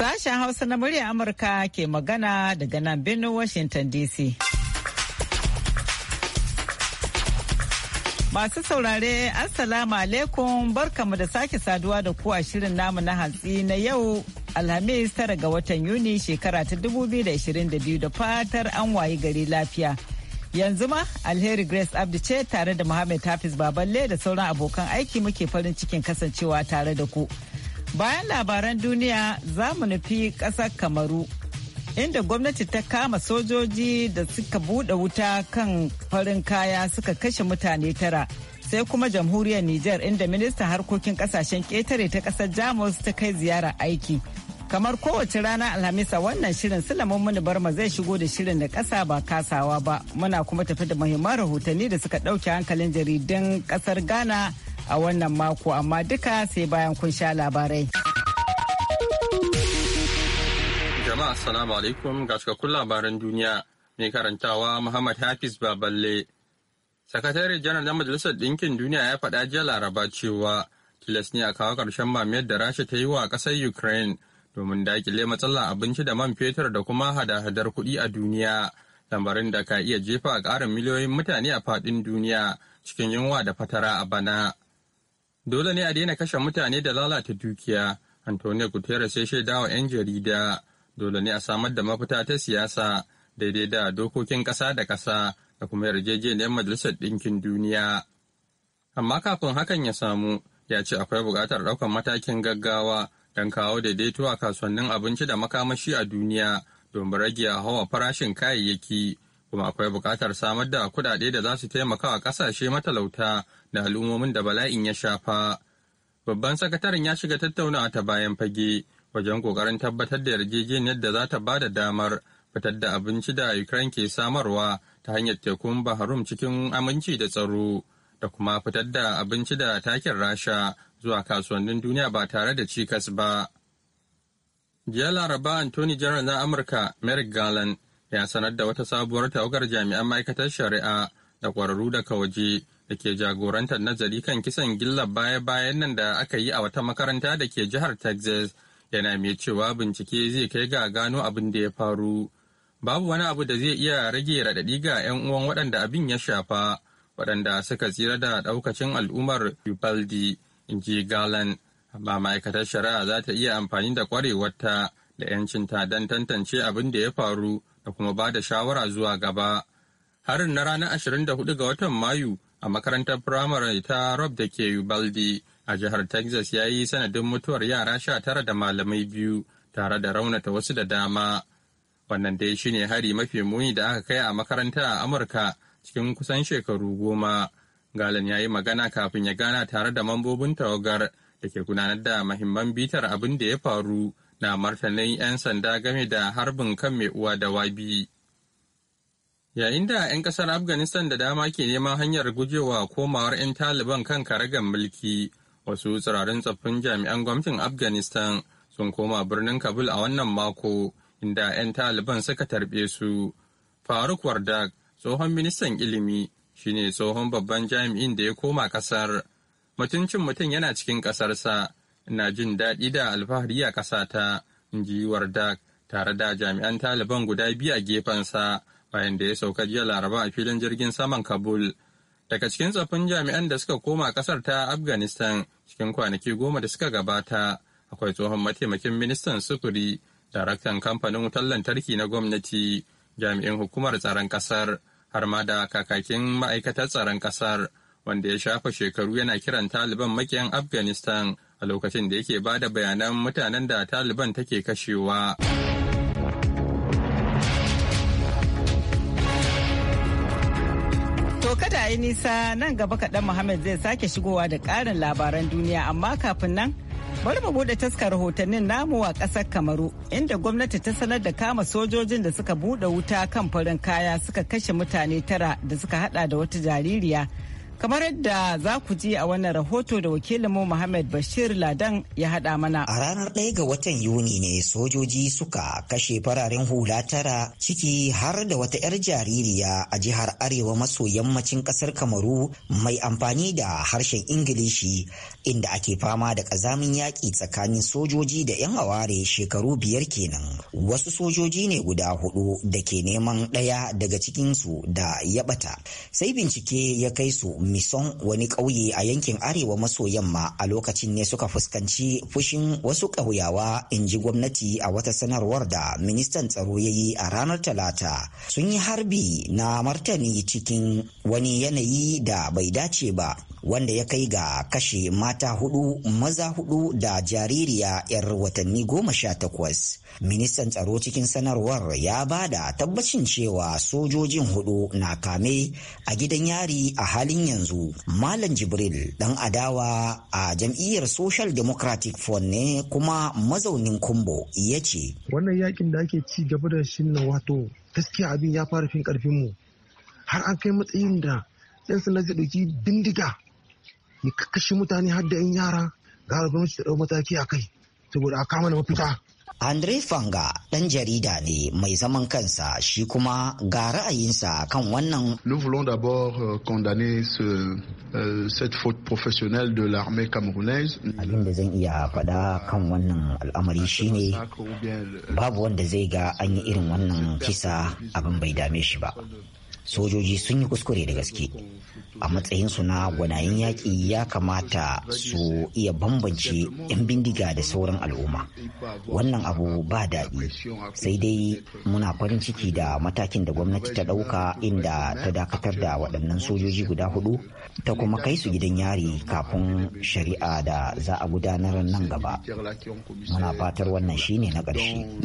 Sashen Hausa na murya Amurka ke magana daga nan birnin Washington DC. Masu saurare, Assalamu alaikum barkamu da sake saduwa da ku a shirin namu na hantsi na yau Alhamis tara ga watan Yuni shekara ta 2022 da fatar an wayi gari lafiya. Yanzu ma Alheri Grace Abdi ce tare da Muhammad Hafiz Baballe da sauran abokan aiki muke farin cikin kasancewa tare da ku. Bayan labaran duniya za mu nufi ƙasar Kamaru, inda gwamnati ta kama sojoji da suka buɗe wuta kan farin kaya suka kashe mutane tara. Sai kuma jamhuriyar Nijar inda ministan harkokin kasashen ƙetare ta ƙasar Jamus ta kai ziyara aiki. Kamar kowace rana Alhamisa wannan shirin Sulaiman Muni Barma zai shigo da shirin da ƙasa ba kasawa ba. Muna kuma tafi da muhimman rahotanni da suka ɗauke hankalin jaridun ƙasar Ghana a wannan mako amma duka sai bayan kun sha labarai. Jama'a assalamu alaikum ga cikakkun labaran duniya mai karantawa Muhammad Hafiz Baballe. Sakatare janar na Majalisar Ɗinkin Duniya ya faɗa jiya Laraba cewa tilas ne a kawo ƙarshen mamiyar da Rasha ta yi wa ƙasar Ukraine domin daƙile matsalar abinci da man fetur da kuma hada-hadar kuɗi a duniya. Lambarin da ka iya jefa ƙarin miliyoyin mutane a faɗin duniya cikin yunwa da fatara a bana. dole ne a daina kashe mutane da lalata dukiya antonio guterres ya shaida wa 'yan jarida dole ne a samar da mafita ta siyasa daidai da dokokin ƙasa da ƙasa da kuma yarjejeniyar majalisar ɗinkin duniya amma kafin hakan ya samu ya ce akwai buƙatar ɗaukar matakin gaggawa don kawo daidaito a kasuwannin abinci da makamashi a duniya domin rage hawa farashin kayayyaki kuma akwai buƙatar samar da kuɗaɗe da za su taimaka wa ƙasashe matalauta da al'ummomin da bala'in ya shafa. Babban sakataren ya shiga tattaunawa ta bayan fage wajen ƙoƙarin tabbatar da yarjejeniyar da za ta ba da damar fitar da abinci da Ukraine ke samarwa ta hanyar tekun Baharum cikin aminci da tsaro da kuma fitar da abinci da takin Rasha zuwa kasuwannin duniya ba tare da cikas ba. Jiya Laraba Anthony General na Amurka Merrick Garland ya sanar da wata sabuwar tawagar jami'an ma'aikatar shari'a da ƙwararru daga waje da ke jagorantar nazari kan kisan gilla baya-bayan nan da aka yi a wata makaranta da ke jihar Texas yana mai cewa bincike zai kai ga gano abin da ya faru. Babu wani abu da zai iya rage raɗaɗi ga 'yan uwan waɗanda abin ya shafa, waɗanda suka tsira da ɗaukacin al'ummar Ubaldi, in ji Galan. Amma ma'aikatar shari'a za ta iya amfani da ƙwarewarta da 'yancinta don tantance abin da ya faru da kuma ba da shawara zuwa gaba. Harin na ranar 24 ga watan Mayu a makarantar firamare ta Rob da ke Ubaldi a jihar Texas ya yi sanadin mutuwar yara sha tara da malamai biyu tare da raunata wasu da dama. Wannan dai shi ne hari mafi muni da aka kai a makaranta a Amurka cikin kusan shekaru goma. Galen ya yi magana kafin ya gana tare da mambobin tawagar da ke gudanar da mahimman bitar abin da ya faru na martanin 'yan sanda game da harbin kan mai uwa da wabi. Yayin da 'yan kasar Afghanistan da dama ke neman hanyar gujewa komawar 'yan Taliban kan karagan mulki, wasu tsirarin tsaffin jami'an gwamnatin Afghanistan sun koma birnin Kabul a wannan mako, inda 'yan Taliban suka tarbe su. Faruk Wardak, tsohon ministan ilimi, shine tsohon babban jami'in da ya koma kasar. Mutuncin mutum yana cikin kasarsa, ina jin daɗi da alfahari a ƙasata in ji wardak tare da jami'an taliban guda biyu a gefensa bayan da ya sauka jiya laraba a filin jirgin saman kabul daga cikin tsoffin jami'an da suka koma ƙasar ta afghanistan cikin kwanaki goma da suka gabata akwai tsohon mataimakin ministan sufuri daraktan kamfanin wutar lantarki na gwamnati jami'in hukumar tsaron ƙasar har ma da kakakin ma'aikatar tsaron ƙasar wanda ya shafa shekaru yana kiran taliban makiyan afghanistan a lokacin da yake ba da bayanan mutanen da Taliban take kashewa. To kada yi nisa nan gaba kaɗan Muhammad zai sake shigowa da ƙarin labaran duniya amma kafin nan bari mu bude taskar rahotannin namu a ƙasar Kamaru inda gwamnati ta sanar da kama sojojin da suka buɗe wuta kan farin kaya suka kashe mutane tara da suka hada da wata jaririya. kamar yadda za ku ji a wannan rahoto da wakilinmu Muhammad Bashir Ladan ya haɗa mana. A ranar ɗaya ga watan Yuni ne sojoji suka kashe fararen hula tara ciki har da wata 'yar jaririya a jihar Arewa maso yammacin ƙasar Kamaru mai amfani da harshen Ingilishi inda ake fama da ƙazamin yaƙi tsakanin sojoji da 'yan aware shekaru biyar kenan wasu sojoji ne guda hudu da ke neman ɗaya daga cikinsu da ya ɓata sai bincike ya kai su mison wani ƙauye a yankin arewa maso yamma a lokacin ne suka fuskanci fushin wasu ƙauyawa in ji gwamnati a wata sanarwar da ministan tsaro ya yi a ranar talata sun yi harbi na martani cikin wani yanayi da bai dace ba wanda ya kai ga kashe mata hudu maza hudu da jaririya 'yar watanni goma sha takwas ministan tsaro cikin sanarwar ya ba da tabbacin cewa sojojin hudu na kame a gidan yari a halin yanzu malam jibril dan adawa a jam'iyyar social democratic fund ne kuma mazaunin kumbo ya ce wannan yakin da ake ci gaba da shi wato gaskiya abin ya fara fin karfin mu har an kai matsayin da yan sanda zai ɗauki bindiga ya kakkashi mutane har da yan yara ga gwamnati ta ɗau mataki a kai saboda a kama da mafita Andre Fanga ɗan jarida ne mai zaman kansa shi kuma ga ra'ayinsa kan wannan. Nous voulons d'abord euh, condamner ce, euh, cette faute de l'armée camerounaise. Abin da zan iya faɗa kan wannan al'amari shine babu wanda zai ga an yi irin wannan kisa abin bai dame shi ba. sojoji sun yi kuskure da gaske a matsayinsu na gwanayen yaƙi ya kamata su iya bambance 'yan bindiga da sauran al'umma wannan abu ba daɗi sai dai muna farin ciki da matakin da gwamnati ta ɗauka inda ta dakatar da waɗannan sojoji guda hudu ta kuma kai su gidan yari kafin shari'a da za a gudanar nan gaba muna fatar wannan shine na ƙarshe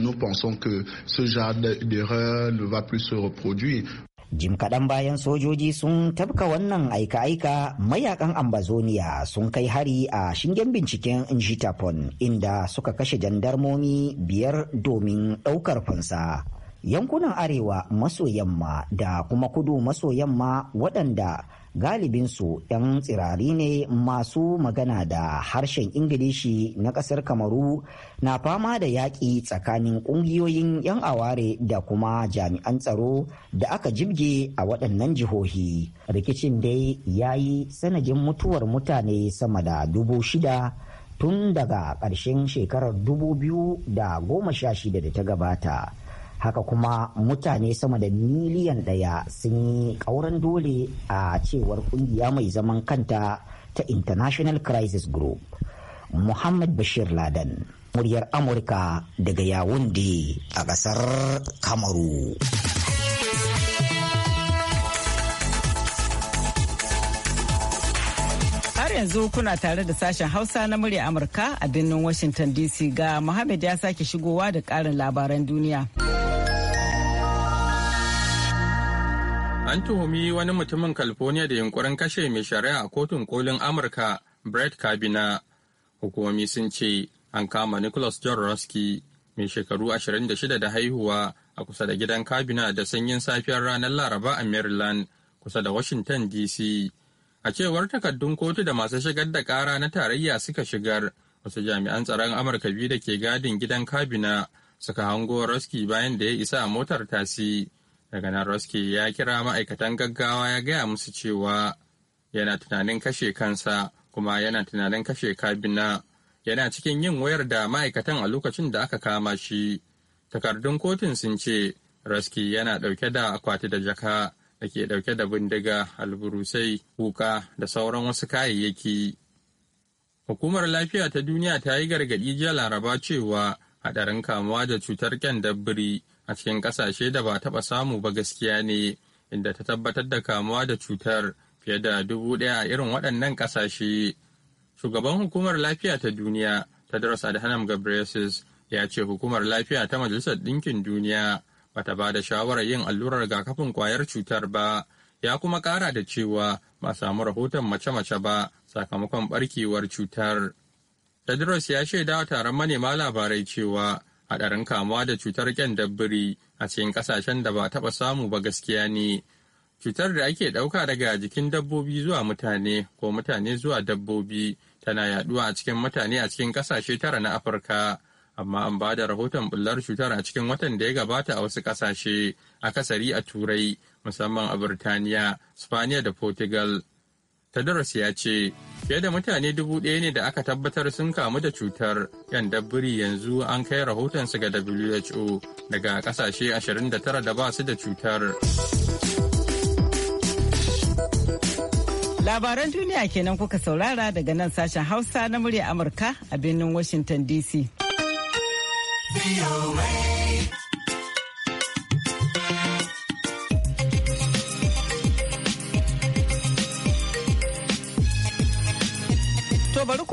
jim kaɗan bayan sojoji sun tabka wannan aika-aika mayakan ambazoniya sun kai hari a shingen binciken jitapon inda suka kashe jandarmomi biyar domin ɗaukar fansa yankunan arewa maso yamma da kuma kudu maso yamma waɗanda galibinsu 'yan tsirari ne masu magana da harshen ingilishi na kasar kamaru na fama da yaƙi tsakanin ƙungiyoyin 'yan aware da kuma jami'an tsaro da aka jibge a waɗannan jihohi rikicin dai ya yi sanajin mutuwar mutane sama da dubu shida tun daga ƙarshen shekarar dubu biyu da goma sha shida da ta gabata haka kuma mutane sama da miliyan ɗaya sun yi ƙauren dole a cewar ƙungiya mai zaman kanta ta international crisis group muhammad bashir laden muryar amurka daga yawundi a ƙasar kamaru har yanzu kuna tare da sashen hausa na murya amurka a birnin washington dc ga muhammad ya sake shigowa da ƙarin labaran duniya. An tuhumi wani mutumin California da yunkurin kashe mai shari'a a kotun kolin Amurka Brett Kabina. Hukumomi sun ce an kama Nicholas John Roski mai shekaru 26 da haihuwa a kusa da gidan kabina da sanyin safiyar ranar Laraba a Maryland kusa da Washington DC. A cewar takardun kotu da masu shigar da kara na tarayya suka shigar, wasu jami'an tsaron Amurka biyu da ke gadin gidan kabina suka hango Roski bayan da ya isa a motar tasi. daga nan ya kira ma'aikatan gaggawa ya gaya musu cewa yana tunanin kashe kansa kuma yana tunanin kashe kabina yana cikin yin wayar da ma'aikatan a lokacin da aka kama shi takardun kotun sun ce roski yana ɗauke da akwati da jaka da ke ɗauke da bindiga alburusai wuka da sauran wasu kayayyaki hukumar lafiya ta duniya ta yi gargadi jiya laraba cewa haɗarin kamuwa da cutar ƙyan dabbiri a cikin ƙasashe da ba taɓa samu ba gaskiya ne inda ta tabbatar da kamuwa da cutar fiye da dubu ɗaya a irin waɗannan ƙasashe. Shugaban hukumar lafiya ta duniya ta Tedros Adhanom Ghebreyesus ya ce hukumar lafiya ta Majalisar Ɗinkin Duniya bata ba da shawarar yin allurar rigakafin kwayar cutar ba ya kuma ƙara da cewa ba samu rahoton mace-mace ba sakamakon barkewar cutar. Tedros ya shaidawa taron manema labarai cewa haɗarin kamuwa da cutar dabbiri a cikin ƙasashen da ba taɓa samu ba gaskiya ne cutar da ake ɗauka daga jikin dabbobi zuwa mutane ko mutane zuwa dabbobi tana yaɗuwa a cikin mutane a cikin ƙasashe tara na afirka amma an ba da rahoton bullar cutar a cikin watan da ya gabata a wasu ƙasashe akasari a turai musamman a birtaniya spaniya da portugal Tedros ya ce fiye da mutane dubu ɗaya ne da aka tabbatar sun kamu da cutar yan dabbiri yanzu an kai rahotonsu ga WHO daga ƙasashe 29 da ba su da cutar. Labaran duniya kenan kuka saurara daga nan sashen Hausa na murya Amurka a birnin Washington DC.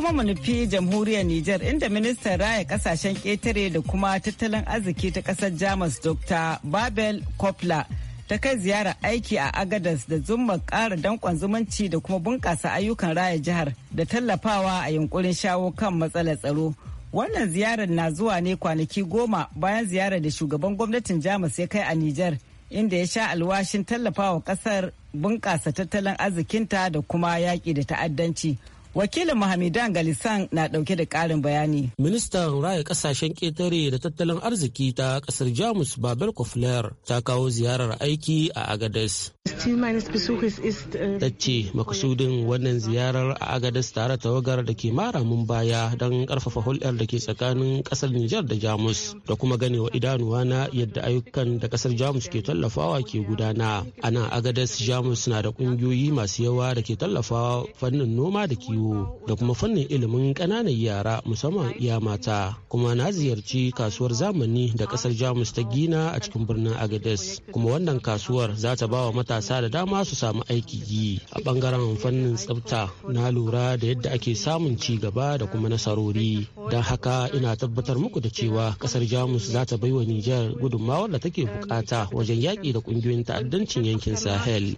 kuma mu nufi jamhuriyar Nijar inda ministan raya kasashen ƙetare da kuma tattalin arziki ta ƙasar Jamus Dr. Babel Kopla ta kai ziyara aiki a Agadas da zumma ƙara danƙon zumunci da kuma bunƙasa ayyukan raya jihar da tallafawa a yunkurin shawo kan matsalar tsaro. Wannan ziyarar na zuwa ne kwanaki goma bayan ziyarar da shugaban gwamnatin Jamus ya kai a Nijar inda ya sha alwashin tallafawa ƙasar bunƙasa tattalin arzikinta da kuma yaƙi da ta'addanci. Wakilin Mahamidan Galisan na ɗauke da ƙarin bayani. Ministan raya kasashen ketare da tattalin arziki ta ƙasar Jamus Babel Kofler ta kawo ziyarar aiki a Agadez. Ta ce makasudin wannan ziyarar a Agadez tare tawagar da ke mara mun baya don ƙarfafa hulɗar da ke tsakanin kasar Nijar da Jamus da kuma ganewa idanuwa na yadda ayyukan da ƙasar Jamus ke tallafawa ke gudana. Ana Agadez Jamus na da ƙungiyoyi masu yawa da ke tallafawa fannin noma da kiwo. al'adu da kuma fannin ilimin ƙananan yara musamman ya mata kuma na ziyarci kasuwar zamani da kasar jamus ta gina a cikin birnin agades kuma wannan kasuwar za ta ba wa matasa da dama su samu aiki yi a bangaren fannin tsafta na lura da yadda ake samun ci gaba da kuma nasarori don haka ina tabbatar muku da cewa kasar jamus za ta baiwa nijar gudunmawar da take bukata wajen yaƙi da ƙungiyoyin ta'addancin yankin sahel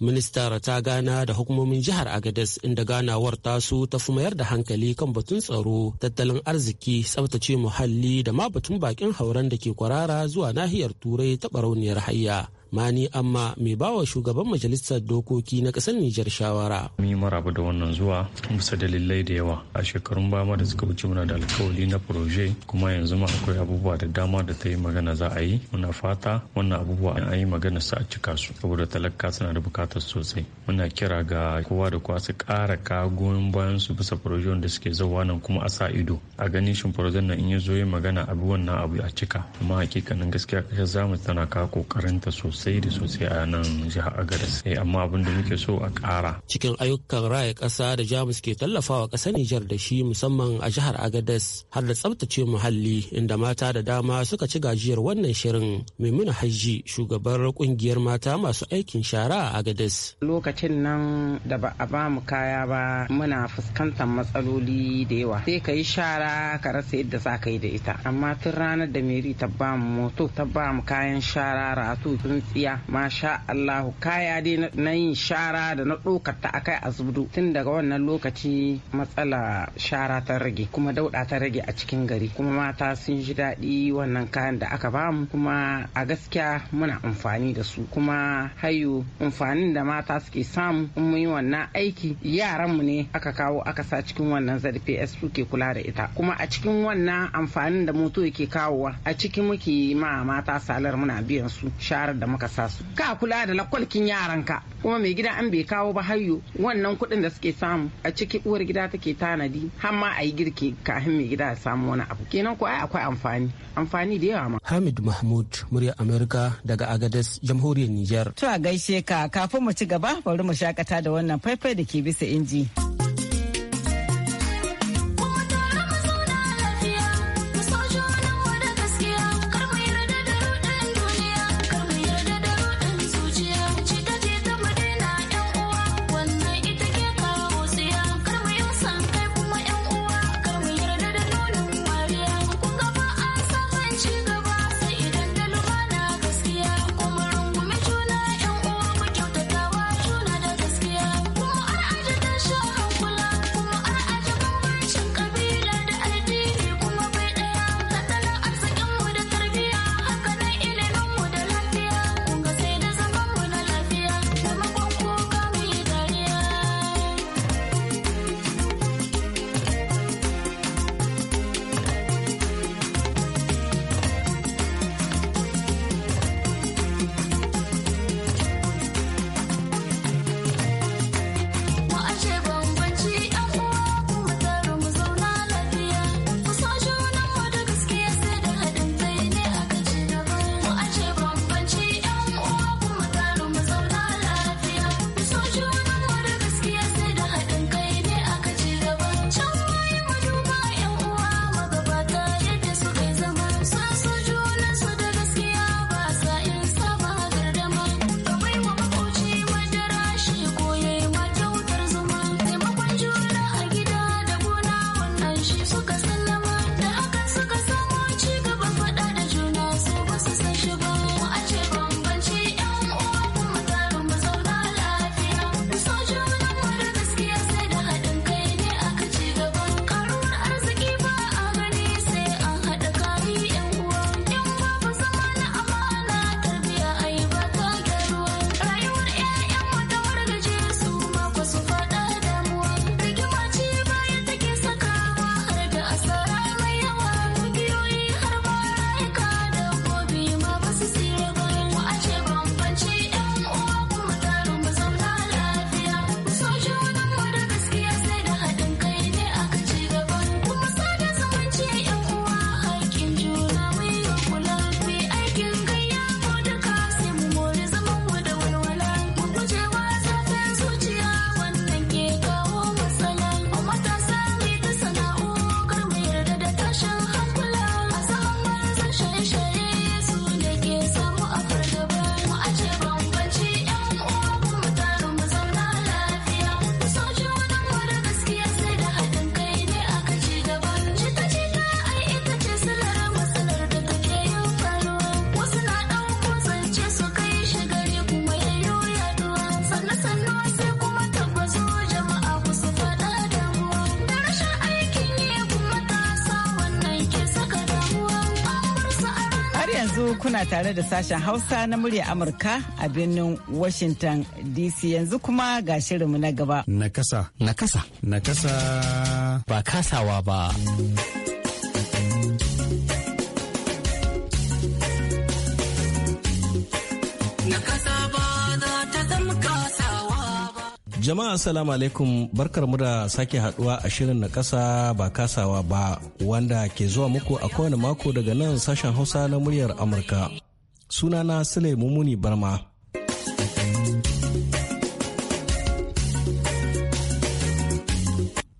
ministar ta gana da hukumomin jihar jihar Agadez inda ganawar tasu ta fi mayar da hankali kan batun tsaro, tattalin arziki, tsabtace muhalli da ma batun bakin hauren da ke kwarara zuwa nahiyar Turai ta barauniyar hayya. mani amma mai bawa shugaban majalisar dokoki na ƙasar nijar shawara mun yi maraba da wannan zuwa bisa dalilai da yawa a shekarun ma da suka wuce muna da alkawali na proje kuma yanzu ma akwai abubuwa da dama da ta yi magana za a yi muna fata wannan abubuwa an yi magana su a cika su saboda talaka suna da bukatar sosai muna kira ga kowa da kowa su ƙara ka goyon bayan su bisa proje da suke zauwa nan kuma a sa ido a ganin shin proje nan in ya zo yi magana abu wannan abu a cika amma hakikanin gaskiya kasar zamu tana kawo kokarinta sosai sosai da sosai a nan jihar agadas eh, amma abin da muke so a ƙara cikin ayyukan raya ƙasa da jamus ke tallafawa ƙasar nijar da shi musamman a jihar agadas har da tsabtace muhalli inda mata da dama suka ci gajiyar wannan shirin maimuna Haji shugabar kungiyar mata masu aikin shara a agadas lokacin nan da ba a bamu kaya ba muna fuskantar matsaloli da yawa sai ka yi shara ka rasa yadda za ka yi da ita amma tun ranar da meri ta bamu moto ta bamu kayan shara ratu tun tsiya masha Allahu kaya dai na yin shara da na ɗaukar a kai a zubdu tun daga wannan lokaci matsala shara ta rage kuma dauɗa ta rage a cikin gari kuma mata sun ji daɗi wannan kayan da aka bamu kuma a gaskiya muna amfani da su kuma hayo amfanin da mata suke samu in mun yi wannan aiki yaranmu ne aka kawo aka sa cikin wannan zps suke kula da ita kuma a cikin wannan amfanin da moto yake kawowa a ciki muke ma mata salar muna biyan su sharar da muka ka sa su ka kula da lakwalkin yaranka kuma mai gida an bai kawo ba hayo wannan kuɗin da suke samu a ciki uwar gida take tanadi har ma a yi girki kafin mai gida ya samu wani abu kenan ko ai akwai amfani amfani da yawa ma Hamid Mahmud murya Amerika daga Agadez jamhuriyar Niger to a gaishe ka kafin mu ci gaba bari mu shakata da wannan faifai da ke bisa inji. kuna tare da sashen Hausa na murya Amurka a birnin Washington DC yanzu kuma ga shirinmu na gaba. Nakasa. Nakasa. Nakasa. Ba kasawa ba. Jama'a assalamu alaikum barkar mu da sake haduwa a shirin na kasa ba kasawa ba wanda ke zuwa muku a kowane mako daga nan sashen Hausa na muryar Amurka. Sunana Sule Mumuni Barma.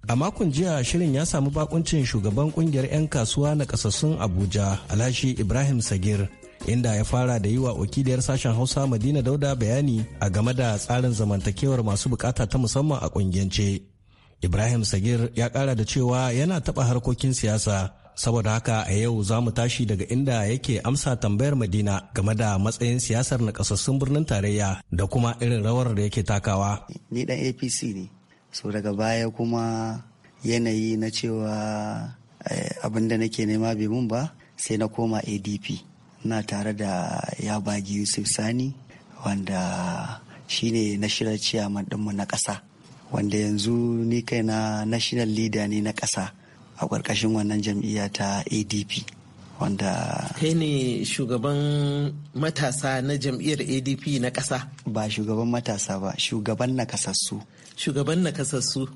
A makon jiya shirin ya samu bakuncin shugaban kungiyar 'yan kasuwa na kasassun Abuja Alhaji Ibrahim Sagir inda ya fara da yi wa wakiliyar sashen hausa madina dauda bayani a game da tsarin zamantakewar masu bukata ta musamman a kungiyance ibrahim sagir ya kara da cewa yana taba harkokin siyasa saboda haka a yau za mu tashi daga inda yake amsa tambayar madina game da matsayin siyasar na kasassun birnin tarayya da kuma irin rawar da yake takawa ni dan apc ne so daga baya kuma yanayi na cewa eh, abinda nake nema bai mun ba sai na koma adp na tare da yabagi yusuf sani wanda shi na national chairman dinmu na ƙasa wanda yanzu ni kai na national leader ne na ƙasa a ƙarƙashin wannan jam'iyya ta adp wanda kai ne shugaban matasa na jam'iyyar adp na ƙasa ba shugaban matasa ba shugaban na kasassu. shugaban na kasassu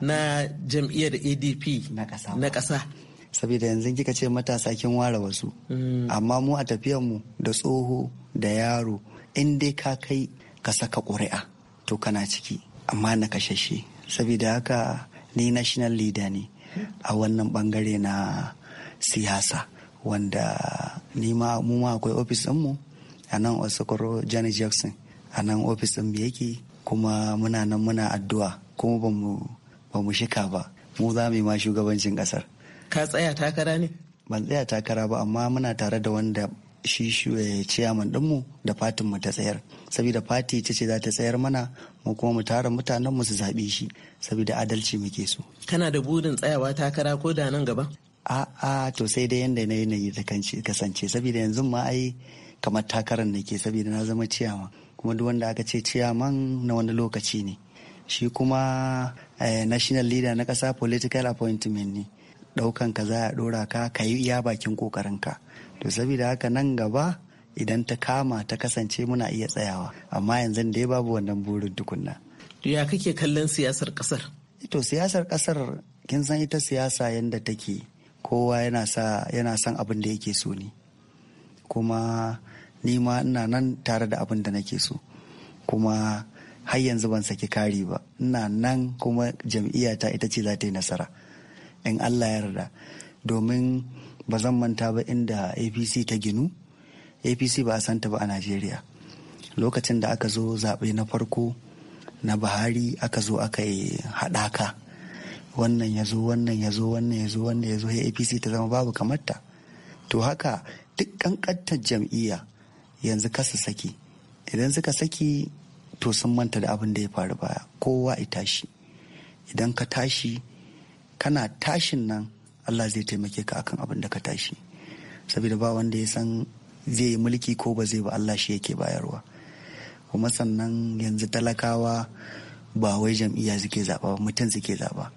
na jam'iyyar adp na ƙasa saboda yanzu kika ce matasa kin ware wasu mm. amma mu a tafiyan mu da tsoho da yaro in dai ka kai ka saka ƙuri'a to kana ciki amma na kashashe saboda haka ni national leader ne a wannan bangare na siyasa wanda ni ma mu ma akwai ofis mu a nan osokoro janet jackson a nan ofis ɗin yake kuma muna nan muna addu'a kuma ba mu shika ba mu za mu yi ma shugabancin ƙasar ka tsaya takara ne ban tsaya takara ba amma muna tare da wanda shi eh, ciyaman ɗinmu da fatin mu ta tsayar saboda fati ita ce za ta tsayar mana mu kuma mu tara mutanen mu su zaɓe shi saboda adalci muke so kana da burin tsayawa takara ko da nan gaba a'a to sai dai yanda na yanayi ta kasance saboda yanzu ma ai kamar takarar nake saboda na zama ciyama kuma duk wanda aka ce ciyaman na wani lokaci ne shi kuma eh, national leader na ƙasa political appointment ne ɗaukan ka za a ɗora ka ka yi iya bakin kokarin ka to saboda haka nan gaba idan ta kama ta kasance muna iya tsayawa amma yanzu dai babu wannan burin tukunna. ya kake kallon siyasar kasar to siyasar kasar kin san ita siyasa yadda take kowa yana sa yana son abin da yake so ne kuma ni ma ina nan tare da abin da nake so kuma har yanzu ban saki kari ba ina nan kuma jam'iyyata ita ce za ta yi nasara in allah yarda domin ba zan manta ba inda apc ta ginu apc ba a santa ba a najeriya lokacin da aka zo zaɓe na farko na buhari aka zo aka yi haɗaka wannan ya zo wannan ya zo wannan ya zo wannan ya zo apc ta zama babu kamarta to haka duk ƙanƙantar jam'iyya yanzu kasa saki idan suka saki to sun manta da abin da ya faru baya kowa ya tashi idan ka tashi kana tashin nan Allah zai taimake ka akan abin da ka tashi saboda ba wanda ya san zai yi mulki ko ba zai ba Allah shi yake bayarwa kuma sannan yanzu talakawa ba wai jam'iyya suke zaba mutum suke zaba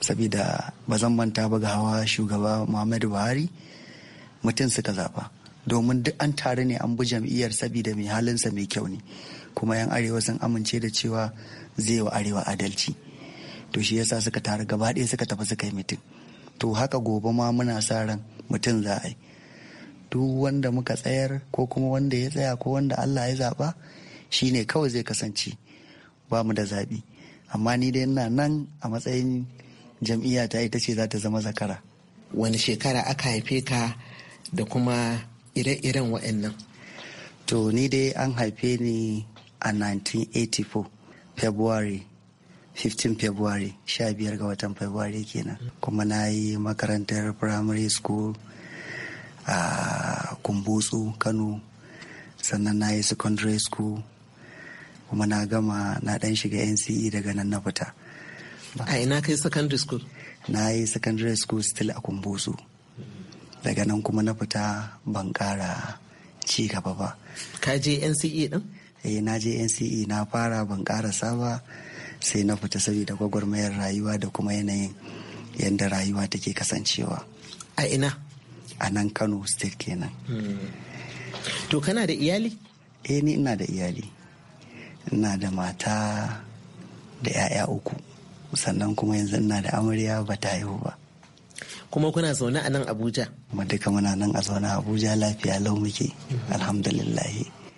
saboda ba zan manta ba ga hawa shugaba Muhammadu Buhari mutum suka zaba domin duk an tare ne an bi jam'iyyar saboda mai halinsa mai kyau ne kuma yan arewa sun amince da cewa zai wa arewa adalci to shi yasa suka taru gaba ɗaya suka tafi suka yi mitin to haka gobe ma muna sa ran mutum za a yi duk wanda muka tsayar ko kuma wanda ya tsaya ko wanda Allah ya zaɓa shi ne kawai zai kasance ba mu da zaɓi amma ni dai ina nan a matsayin jam'iyya ta ita ce za ta zama zakara wani shekara aka haife ka da kuma ire-iren waɗannan to ni dai an haife ni a 1984 february 15 February 15 ga watan February kenan kuma na yi makarantar primary school a kumbutsu Kano sannan na yi secondary school kuma na gama na dan shiga NCE daga nan na fita. A ina kai secondary school? Na yi secondary school still a kumbutsu daga nan kuma na fita ban kara ci gaba ba. Ka je NCE din? Eh na je NCE na fara ban karasa ba. sai na fita saboda gwagwarmayar rayuwa da kuma yanayin yadda rayuwa take kasancewa a ina a nan kano state kenan hmm. to kana da iyali eh ni ina da iyali ina da mata da 'ya'ya uku sannan kuma yanzu ina da amarya ba ta haihu ba kuma kuna zaune a nan abuja kuma muna nan a zaune abuja lafiya lau muke hmm. alhamdulillah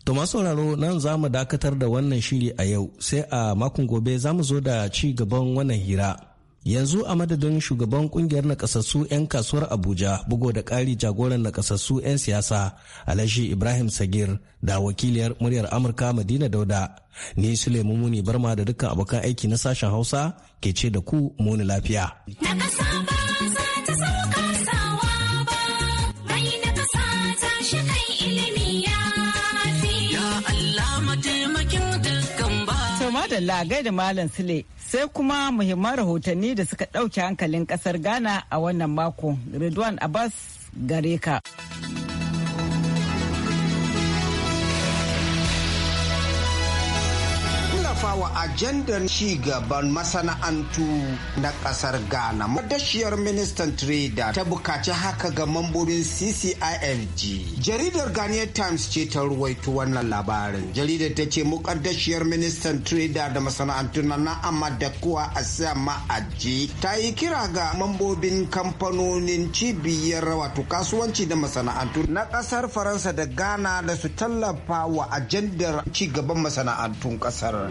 To masu sauraro nan za mu dakatar da wannan shiri a yau sai a makon gobe za mu zo da ci gaban wannan hira. Yanzu a madadin shugaban kungiyar nakasassu 'yan kasuwar Abuja bugo da ƙari jagoran nakasassu 'yan siyasa Alhaji Ibrahim Sagir da wakiliyar muryar Amurka Madina Dauda. Ni Sulaimu Muni Barma da dukkan abokan aiki na sashen Hausa ke ce da ku muni lafiya. lagai gaida Malam Sule sai kuma muhimman rahotanni da suka ɗauke hankalin ƙasar Ghana a wannan mako. Ridwan Abbas gare ka. wa ajandar ci masana'antu na kasar ghana madashiyar ministan trader ta bukaci haka ga mambobin ccifg jaridar ghanaian times ce ta ruwaito wannan labarin jaridar ta ce mukaddashiyar ministan trader da masana'antu na na'ama da kuwa a sama aji ta yi kira ga mambobin kamfanonin cibiyar wato kasuwanci da masana'antu na kasar faransa da ghana da su tallafa wa ajandar ci gaban masana'antun kasar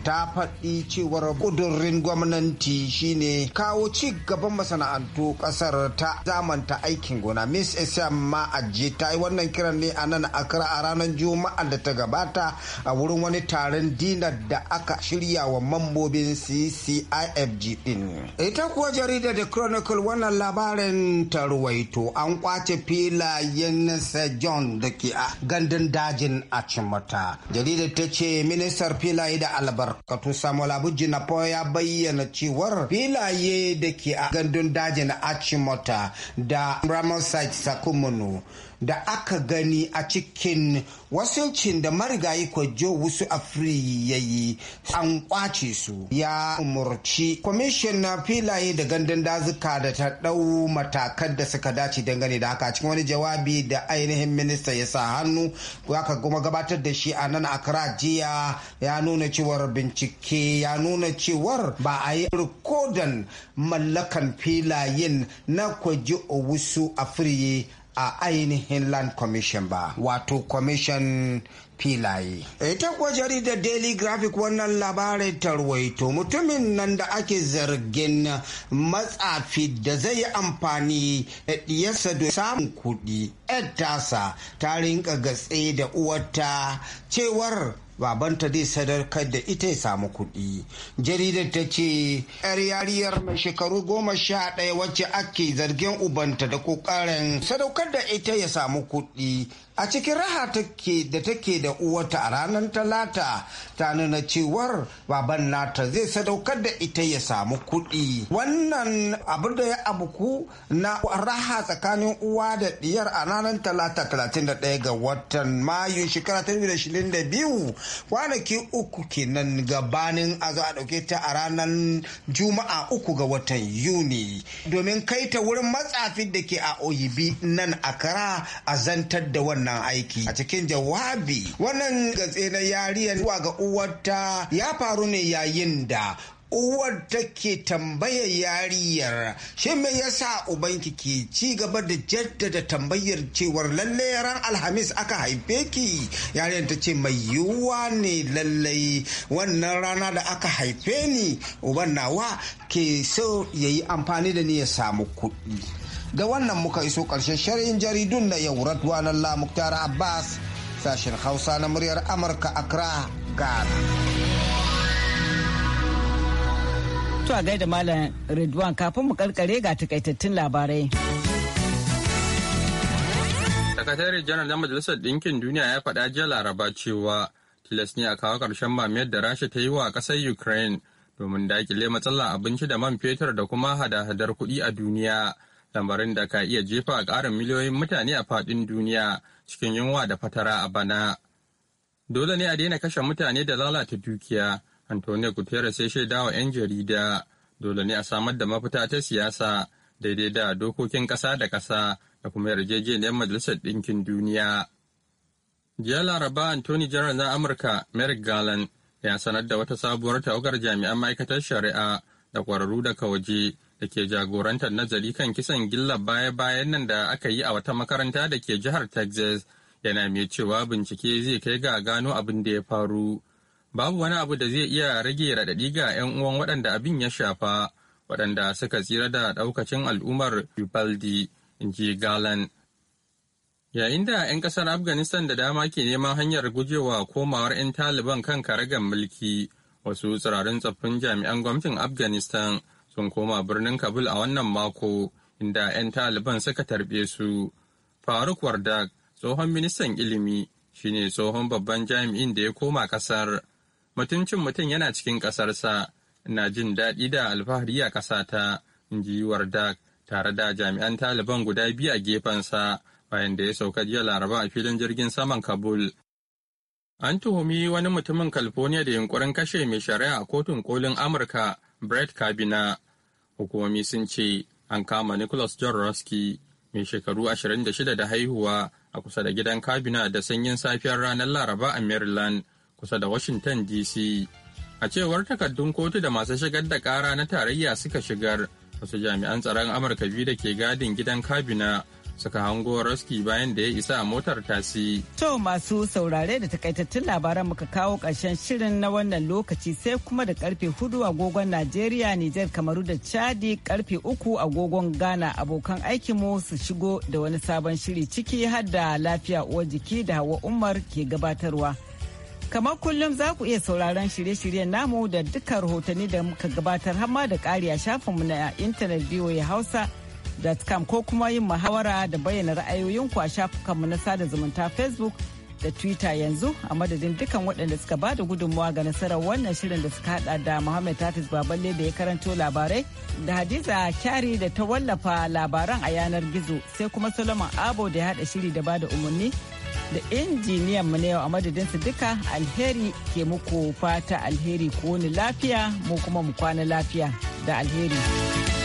ta faɗi cewar ƙudurin gwamnati shine kawo ci gaban masana'antu ƙasar ta zamanta aikin gona miss esam aje ta yi wannan kiran ne a nan akra a ranar juma'a da ta gabata a wurin wani taron dinar da aka shirya wa mambobin ccifg din ita kuwa jaridar the chronicle wannan labarin ta ruwaito an kwace filayen sir john da ke a gandun dajin a cimata jaridar ta ce ministar filaye da albar jihar. Katun Samuel Abuji na ya bayyana cewar filaye da ke a gandun dajin Achimota da Ramon Site Sakumunu da aka gani a cikin wasilcin da marigayi kwajo wasu afri ya yi an kwace su ya umarci kwamishin na filaye da gandun dazuka da ta ɗau matakan da suka dace dangane da haka cikin wani jawabi da ainihin minista ya sa hannu aka kuma gabatar da shi a nan akra jiya ya nuna cewar bincike ya nuna cewar ba a yi rikodan mallakan filayen na kwaji wasu afiriye a ainihin land commission ba wato commission filaye. Ita kuwa jaridar Daily Graphic wannan labarin tarwaito mutumin nan da ake zargin matsafi da zai yi amfani da ɗiyarsa don samun kuɗi. ‘Yar tasa ta rinka gatse da uwarta cewar babanta zai sadarkar da ita ya samu kuɗi jaridar ta ce yar yariyar mai shekaru goma sha ɗaya wacce ake zargin ubanta da kokarin sadaukar da ita ya samu kuɗi a cikin raha take da take da uwata a ranar talata ta nuna cewar baban nata zai sadaukar da ita ya samu kuɗi wannan abu da ya abuku na raha tsakanin uwa da ɗiyar a ranar talata 31 ga watan mayu shekara 2022 kwanaki uku kenan gabanin a zo a ɗauke ta a ranar juma'a uku ga watan yuni domin kai ta wurin matsafi da ke a oyibi nan a kara a zantar da wannan wannan aiki a cikin jawabi wannan gatse na yariyar zuwa ga uwarta ya faru ne yayin da uwar take tambayar yariyar shin me yasa ubanki ke ci gaba da jaddada tambayar cewar lalle ran alhamis aka haife ki yariyar ta ce mai yiwuwa ne lallai wannan rana da aka haife ni uban nawa ke so yayi amfani da ni ya samu kuɗi da wannan muka iso ƙarshen shari'in jaridun na yau radwanan lamuktar abbas sashen hausa na muryar amurka accra ghana to a gaida malam redwan kafin mu karkare ga takaitattun labarai sakatare janar na majalisar ɗinkin duniya ya faɗa jiya laraba cewa tilas ne a kawo ƙarshen mamiyar da rasha ta yi wa ƙasar ukraine domin daƙile matsalar abinci da man fetur da kuma hada-hadar kuɗi a duniya lamarin da ka iya jefa ƙarin miliyoyin mutane a faɗin duniya cikin yunwa da fatara a bana. Dole ne a daina kashe mutane da lalata dukiya, Antonio Guterres ya shaida wa 'yan jarida. Dole ne a samar da mafita ta siyasa daidai da dokokin ƙasa da ƙasa da kuma yarjejeniyar Majalisar Ɗinkin Duniya. Jiya Laraba Anthony General na Amurka Merrick Garland ya sanar da wata sabuwar tawagar jami'an ma'aikatar shari'a da ƙwararru daga waje da ke jagorantar nazari kan kisan gilla baya-bayan nan da aka yi a wata makaranta da ke jihar Texas yana mai cewa bincike zai kai ga gano abin da ya faru. Babu wani abu da zai iya rage raɗaɗi ga 'yan uwan waɗanda abin ya shafa, waɗanda suka tsira da ɗaukacin al'ummar Ubaldi, in ji Galan. Yayin da 'yan ƙasar Afghanistan da dama ke neman hanyar gujewa komawar 'yan Taliban kan karagar mulki, wasu tsirarin tsoffin jami'an gwamnatin Afghanistan sun koma birnin Kabul a wannan mako inda 'yan Taliban suka tarbe su. Faruk Wardak, tsohon ministan ilimi, shine tsohon babban jami'in da ya koma kasar. Mutuncin mutum yana cikin kasarsa, ina jin daɗi da alfahari a ƙasata, in ji Wardak tare da jami'an Taliban guda biyu a gefensa bayan da ya sauka jiya Laraba a filin jirgin saman Kabul An tuhumi wani mutumin California da yunkurin kashe mai shari'a a kotun kolin Amurka Brett Kabina. Hukumomi sun ce an kama Nicholas John Roski mai shekaru 26 da haihuwa a kusa da gidan kabina da sanyin safiyar ranar Laraba a Maryland kusa da Washington DC. A cewar takardun kotu da masu shigar da kara na tarayya suka shigar wasu jami'an tsaron Amurka biyu da ke gadin gidan kabina suka hango Roski bayan da ya isa motar tasi. To masu saurare da takaitattun labaran muka kawo ƙarshen shirin na wannan lokaci sai kuma da karfe hudu agogon Najeriya, Nijar, Kamaru da Chadi karfe uku agogon Ghana abokan aikinmu su shigo da wani sabon shiri ciki har da lafiya uwar jiki da Hawa Umar ke gabatarwa. kamar kullum za ku iya sauraron shirye-shiryen namu da duka rahotanni da muka gabatar har ma da ƙari a shafinmu na intanet ya hausa facebook.com ko kuma yin muhawara da bayyana ra'ayoyinku a shafukanmu na sada zumunta facebook da twitter yanzu a madadin dukkan waɗanda suka ba da gudunmawa ga nasarar wannan shirin da suka hada da muhammad tatis baballe da ya karanto labarai da hadiza kyari da ta wallafa labaran a yanar gizo sai kuma solomon abo da ya hada shiri da ba da umarni da injiniyan mu na yau a madadin su duka alheri ke muku fata alheri ko wani lafiya mu kuma mu kwana lafiya da alheri.